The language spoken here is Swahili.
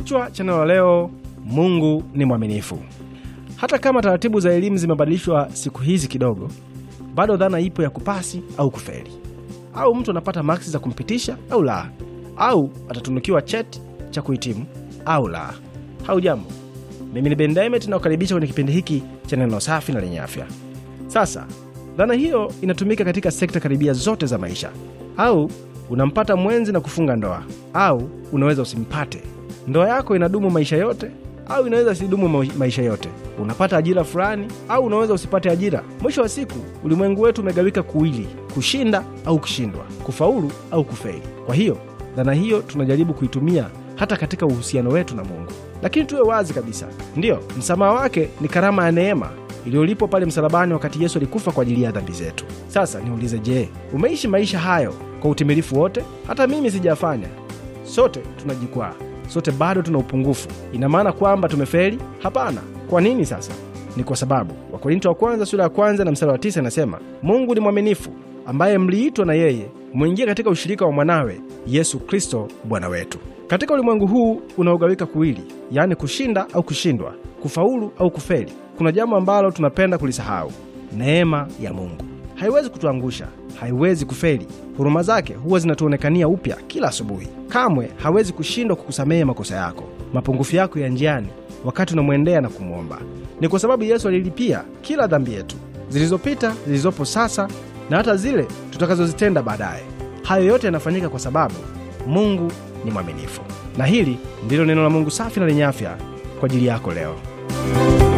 Kichwa cha neno leo, Mungu ni mwaminifu. Hata kama taratibu za elimu zimebadilishwa siku hizi kidogo, bado dhana ipo ya kupasi au kufeli, au mtu anapata maksi za kumpitisha au la, au atatunukiwa cheti cha kuhitimu au la. jambo mimi ni Ben naokaribisha kwenye kipindi hiki cha neno safi na lenye afya. Sasa dhana hiyo inatumika katika sekta karibia zote za maisha. Au unampata mwenzi na kufunga ndoa, au unaweza usimpate ndoa yako inadumu maisha yote au inaweza sidumu maisha yote. Unapata ajira fulani au unaweza usipate ajira. Mwisho wa siku, ulimwengu wetu umegawika kuwili, kushinda au kushindwa, kufaulu au kufeli. Kwa hiyo dhana hiyo tunajaribu kuitumia hata katika uhusiano wetu na Mungu, lakini tuwe wazi kabisa. Ndiyo, msamaha wake ni karama ya neema iliyolipwa pale msalabani wakati Yesu alikufa kwa ajili ya dhambi zetu. Sasa niulize, je, umeishi maisha hayo kwa utimilifu wote? Hata mimi sijafanya. Sote tunajikwaa sote bado tuna upungufu. Ina maana kwamba tumefeli? Hapana. Kwa nini sasa? Ni kwa sababu Wakorinto wa kwanza sura ya kwanza na mstari wa tisa inasema, Mungu ni mwaminifu, ambaye mliitwa na yeye mwingie katika ushirika wa mwanawe Yesu Kristo Bwana wetu. Katika ulimwengu huu unaogawika kuwili, yaani kushinda au kushindwa, kufaulu au kufeli, kuna jambo ambalo tunapenda kulisahau: neema ya Mungu haiwezi kutuangusha, haiwezi kufeli. Huruma zake huwa zinatuonekania upya kila asubuhi. Kamwe hawezi kushindwa kukusamehe makosa yako, mapungufu yako ya njiani, wakati unamwendea na kumwomba. Ni kwa sababu Yesu alilipia kila dhambi yetu, zilizopita, zilizopo sasa, na hata zile tutakazozitenda baadaye. Hayo yote yanafanyika kwa sababu Mungu ni mwaminifu. Na hili ndilo neno la Mungu safi na lenye afya kwa ajili yako leo.